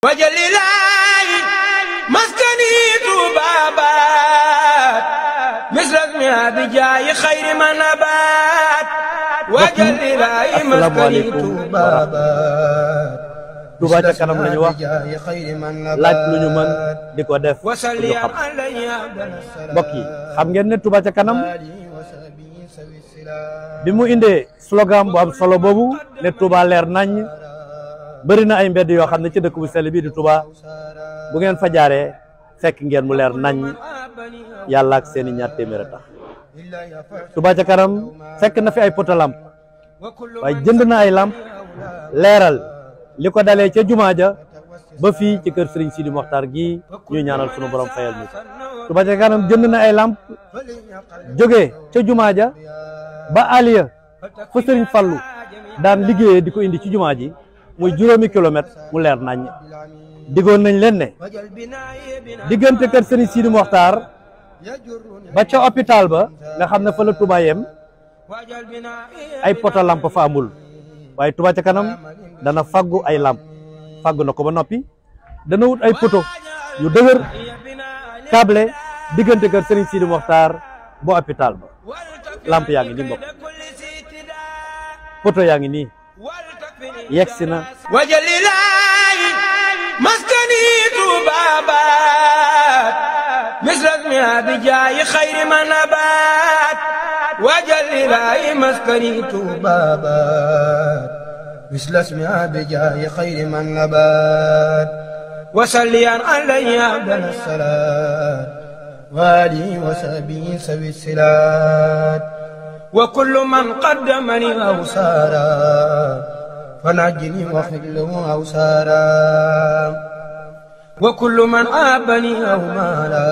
wajalilaayi maskani tuubaabaat misras mi abijaayi xayri ma nabaat wajalilaayi kanam lañu wax laaj lu ñu mën di ko def lu xam mbokk yi xam ngeen ne Touba kanam bi mu indee slogan bu am solo boobu ne Touba leer nañ bëri na ay mbedd yoo xam ne ci dëkk bu sell bii di Touba bu ngeen fa jaaree fekk ngeen mu leer nañ yàlla ak seen i téeméer a tax Touba ca kanam fekk na fi ay poto lamp waaye jënd na ay lamp leeral li ko dalee ca jumaa ja ba fii ci kër Serigne Sidi Mokhtar gi ñuy ñaanal sunu borom fayal ñu Touba ca kanam jënd na ay lamp jógee ca jumaa ja ba aliya fa Serigne Fallou daan liggéey di ko indi ci jumaa ji muy juróomi kilomètre mu leer nañ diggoon nañ leen ne diggante kër Serigne Sidi Mokhtar ba ca hôpital ba nga xam ne fa la Touba ay poto làmp fa amul waaye Touba ca kanam dana faggu ay làmp faggu na ko ba noppi dana wut ay poto yu dëgër câble diggante kër Serigne Sidi Mokhtar ba hôpital ba lamp yaa ngi nii mbokk poto yaa ngi nii yegsi na wajalilaayi maskani tuubaabaat misras mi abijaayi xayri ma nabaat wajalilaayi maskani tuubaabaat misras mi abijaayi xayri ma nabaat wasalliyan alayhi abdal salaat waalihi wa sahbihi sawi silaat wa kullu man qaddamani aw saara فنجني واخفض له أوسارا وكل من عابني أو مالا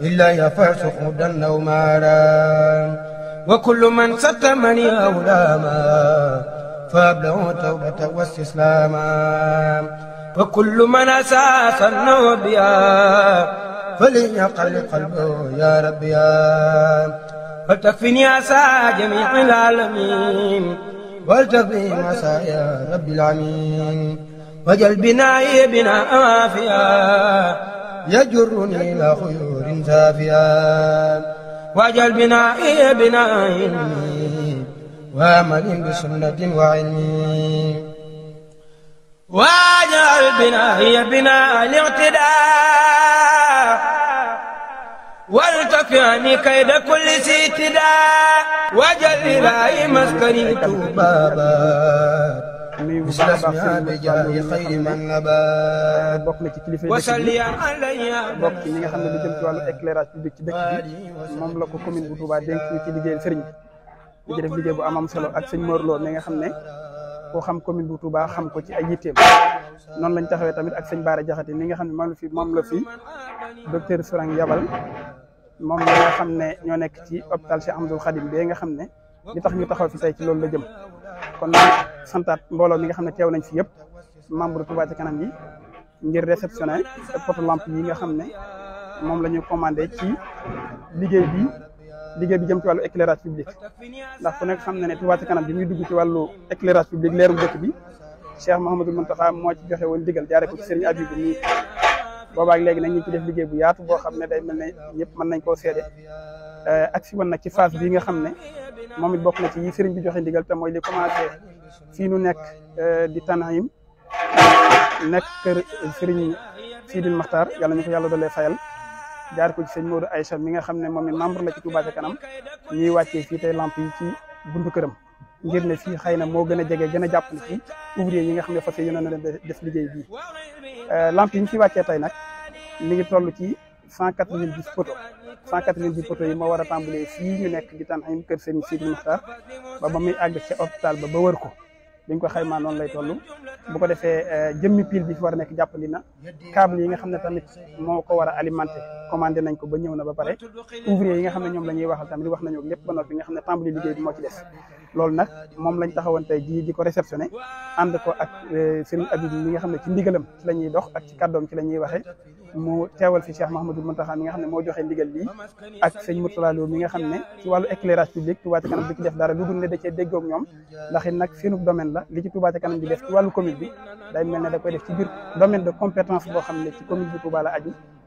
إلا يفعت خدا أو مالا وكل من ستمني أو لاما فأبلغ توبة واستسلاما وكل من أساسا نوبيا فليقل قلبه يا ربي فلتكفني أسى جميع العالمين والتقي مساء يا رب العالمين وجل بناي بنا آفيا يجرني إلى خيور سافيا وجل بناي بناي وامل بسنة وعلم واجعل بناي بنا الاعتداء والت سفيان كيد كل سيتدا وجل إلهي مسكري توبابا مثل اسمها بجاه خير من na ci kilifa bokk ci li nga xam ne lu jëm ci wàllu éclairage public ci dëkk bi moom la ko commune bu Touba dénk ci liggéey sëriñ bi di def liggéey bu amam solo ak sëñ Mor Lo mi xam ne koo xam commune bu Touba xam ko ci ay yitteem noonu lañ taxawee tamit ak sëñ Baara Jaxate mi nga xam ne moom la fi moom la fi docteur Sourang yabal moom ñi xam ne ñoo nekk ci hôpital Cheikh Ahmadoul Khadim bee nga xam ne li tax ñu taxaw fi say ci loolu la jëm kon santaat mbooloo mi nga xam ne teew nañ fi yëpp membre Touba ca kanam yi ngir réceptionné poto lampe yi nga xam ne moom la ñu commandé ci liggéey bi liggéey bi jëm ci wàllu éclairage public ndax ku nekk xam na ne Touba ca kanam bi muy dugg ci wàllu éclairage public leeru dëkk bi Cheikh Mouhamadul Mountakha moo ci joxe woon digal jaaree ko ci Serigne Abibou boobaak léegi nañ ñu ci def liggéey bu yaatu boo xam ne day mel ne ñëpp mën nañ koo seede euh, ak si woon nag ci phase bii nga xam ne moom it bokk na ci yi sëriñ bi joxe ndigal te mooy li commencé fii nu nekk euh, di Tanahim nekk kër sëriñ Sidil Maxtaar yàlla ñu ko yàlla dolee fayal jaar ko ci sëñ ay Aïcha mi nga xam ne moom it membre na ci Touba ca kanam ñuy wàccee fii tey lamp yi ci buntu këram ngir ne fii xëy na moo gën a jege gën a jàpp ne fi ouvrier yi nga xam ne fas yéene na leen def liggéey bii euh, lamp yi ñu fi wàccee tey nag mi ngi toll ci cent quatre vingt poto cent quatre-vingt-dix moo war a tàmbalee fii ñu nekk di tan xim kër sëñ ba ba muy àgg ca hôpital ba ba wër ko biñ ko xaymaa noonu lay toll bu ko defee euh, jëmmi pile bi fi war a nekk jàppandi na câble yi nga xam ne tamit moo ko war a alimenté commandé nañ ko ba ñëw na ba pare ouvrier yi nga xam ne ñoom la ñuy waxal tamit wax nañu lépp ba noppi nga xam ne tàmbali moom lañ taxawoon tey jii di ko réceptionné ànd ko ak euh, Serigne Abib mi nga xam ne ci ndigalam ci la ñuy dox ak ci ci la ñuy waxe mu teewal fi Cheikh Mahamadou Mountakha mi nga xam ne moo joxe ndigal lii ak sëñ Mourtala mi nga xam ne ci wàllu éclairage public Touba Ca ci def dara lu dul ne da cee déggoog ñoom ndax it nag domaine la li ci Touba Ca Kanam di def ci wàllu commune bi day mel ne da koy def ci biir domaine boo xam ne ci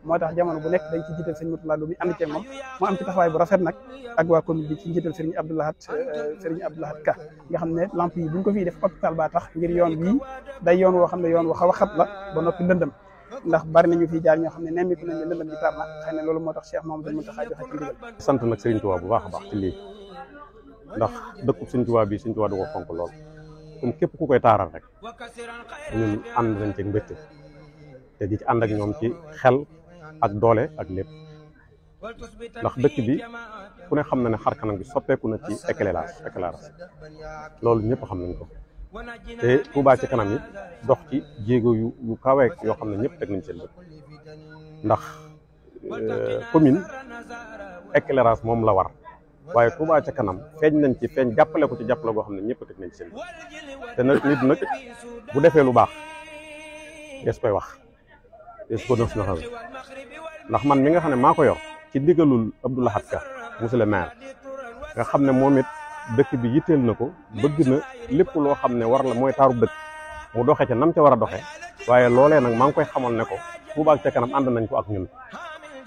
moo tax jamono bu nekk dañ ci jiital sëñ Murtala lu muy ànd ceeg moom mu am ci taxawaay bu rafet nag ak waa commune bi ci njiital sëriñ Abdou Lahat euh, sëriñ Abdou Lahat Ka nga xam ne lamp yi buñ ko fii def hôpital baa tax ngir yoon bii day yoon woo xam ne yoon wu xa a xat la ba noppi lëndëm ndax bari nañu fii jaar ñoo xam ne nemmiku nañ ne lëndëm bi tar na xëy na loolu moo tax Cheikh Mamadou Mountakha joxe ci a sant nag sëriñ Tuubaa bu a baax ci lii ndax dëkku sëriñ Tuubaa bi sëriñ Tuubaa du ko fonk lool comme képp ku koy taaral rek ñun ànd nañ ci mbégte te di ci ànd ci xel ak doole ak lépp ndax dëkk bi ku ne xam na ne xar kanam gi soppeeku na ci éclairage éclairage loolu ñëpp xam nañ ko te Touba ci kanam yi dox ci jéego yu yu kaweek yoo xam ne ñëpp teg nañ seen bët ndax euh, commune éclairage moom la war waaye Touba ca kanam feeñ nañ ci feeñ jàppale ko ci jàppale goo xam ne ñëpp teg nañ ci bët te nag nit nag bu defee lu baax des wax des ko def si nga ndax man mi nga xam ne maa ko yor ci diggalul Abdou Lahad Ka monsieur le maire nga xam ne moom it dëkk bi yitteel na ko bëgg na lépp loo xam ne war la mooy taaru dëkk mu doxee ca nam ca war a doxee waaye loolee nag maa ngi koy xamal ne ko Touba ca kanam ànd nañ ko ak ñun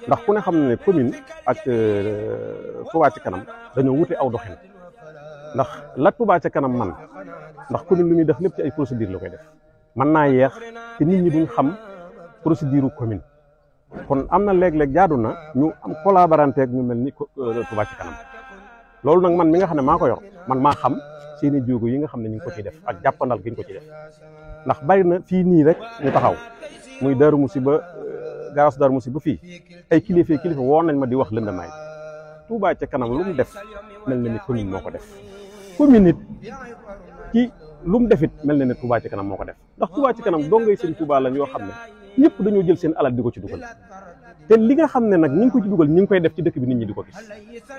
ndax ku ne xam ne commune ak euh, Touba ca kanam dañoo wute aw doxin ndax la Touba ca kanam man ndax commune lu muy def lépp ci ay procédure la koy def mën naa yeex te nit procédure commune kon am na léeg-léeg jaadu na ñu am collaborante ñu mel ni euh, Touba ci kanam loolu nag man mi nga xam ne maa ko yor man maa xam seeni jóogo yi nga xam ne ñu ngi ko ciy def ak jàppandal gi ko ndax bari na fii nii rek ñu taxaw muy Darou Moussi ba euh, garas Darou Moussi ba fii ay kilifa kilifa woo nañ ma di wax lëndamaay Touba ci kanam lu def mel na ni commune moo ko def it ci lu mu mel na ni ci kanam moo ko def ndax Touba ci kanam dongay seen Touba lañ yoo xam ne ñépp dañoo jël seen alal di ko ci dugal te li nga xam ne nag ñi ngi ko ci dugal ñi ngi koy def ci dëkk bi nit ñi di ko gis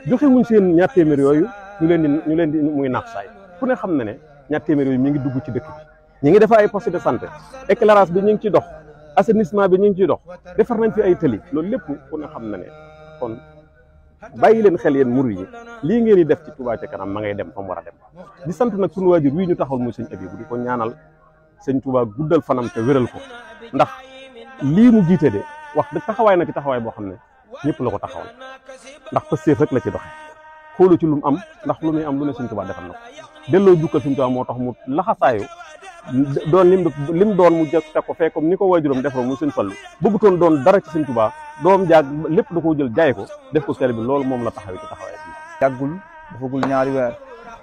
joxe wuñ seen ñaar téeméer yooyu ñu leen di ñu leen di muy naax saay ne xam ne ne ñaar téeméer yooyu mi ngi dugg ci dëkk bi ñi ngi defa ay poste de santé éclairage bi ñu ngi ciy dox assainissement bi ñu ngi ciy dox defar nañ fi ay tëli loolu lépp ku ne xam ne ne kon bàyyi leen xel yéen mur yi lii ngeen di def ci Touba ca kanam ma ngay dem fa mu war a dem di sant nag sunu waajur wii ñu taxawal muy sëñ Abibu di ko ñaanal sëñ Touba guddal fanam te wéral ko ndax lii mu jiitee de wax dëgg taxawaay na ci taxawaay boo xam ne ñëpp la ko taxawal ndax pëstéef rek la ci doxe xoolu ci lu mu am ndax lu muy am lu ne Sëñ Tuubaa defal na ko delloo jukkal Sëñ Tuubaa moo tax mu laxasaayu doon lim lim doon mu jëkk teg ko fee comme ni ko waajuram defaroon mu Sëñ Fallu bëggutoon doon dara ci Sëñ Tuubaa doom jaag lépp da koo jël jaay ko def ko seer bi loolu moom la taxawee ci taxawaay bi yàggul dafagul ñaari weer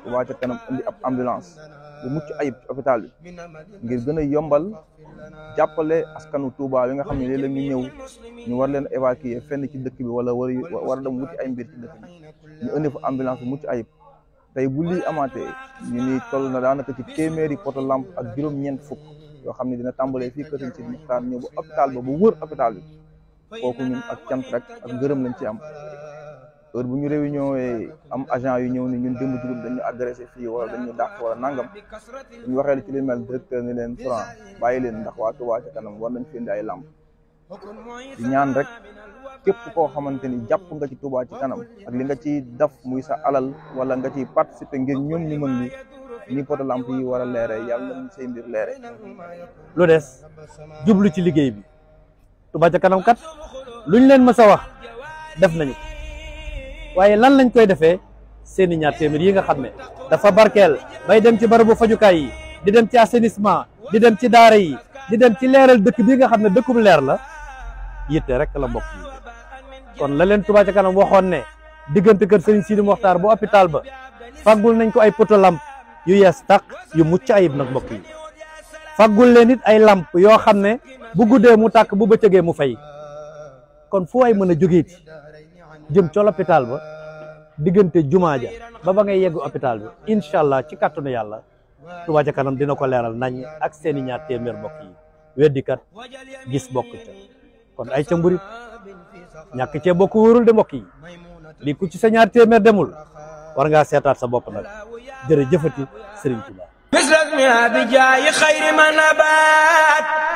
Touba ca kanam indi ab ambulance bu mucc ayib hôpital bi ngir gën a yombal jàppale askanu Touba yi nga xam ne léeg-léeg ñu ñëw ñu war leen évacuer fenn ci dëkk bi wala war war wuti ay mbir ci dëkk bi ñu indi fa ambulance bu mucc ayib tey bu lii amaatee ñu ni toll na daanaka ci téeméeri poto lamp ak juróom-ñeent fukk yoo xam ne dina tàmbalee fii kër si Muxtaar ñëw ba hôpital ba ba wër hôpital bi kooku ñun ak cant rek ak gërëm lañ ci am heure bu ñu réunion am agent yu ñëw ni ñun démb ci groupe dañu agressé fii wala dañu dàq wala nangam ñu waxee li ci li mel directeur ni leen franc bàyyi leen ndax waa Touba ca kanam war nañ fi indi ay làmp di ñaan rek képp koo xamante ni jàpp nga ci Touba ci kanam ak li nga ci def muy sa alal wala nga ci participé ngir ñun ñu mën ni ni poto làmp yi war a leere yàlla nañ say mbir leere lu des jublu ci liggéey bi Touba ca kanam kat luñ leen mës a wax def nañu waaye lan lañ koy defee seeni ñaar téeméer yi nga xam ne dafa barkeel bay dem ci barabu fajukaay yi di dem ci assainissement di dem ci daara yi di dem ci leeral dëkk bii nga xam ne bu leer la yitte rek la mbokk yi kon la leen Touba ca kanam waxoon ne diggante kër Serigne Sidi Mokhtar bu hôpital ba faggul nañ ko ay poto làmp yu yees tàq yu mucc ayib nag mbokk yi faggul leen it ay làmp yoo xam ne bu guddee mu tàkk bu bëccëgee mu fay kon fu ay mën a jógeeti jëm ca l'hôpital ba diggante juma ja ba ba ngay yegg hôpital bi incha allah ci kàttanu yàlla Touba ca kanam dina ko leeral nañ ak seen i ñaar téeméer mbokk yi weddikat gis bokk ca kon ay ca mburit ñàkk cee bokk wóorul de mbokk yi lii ku ci sa ñaar téeméer demul war ngaa seetaat sa boppa nag jërëjëfati Sëriñ Tuubaa misrak mi abi jaayi xayri man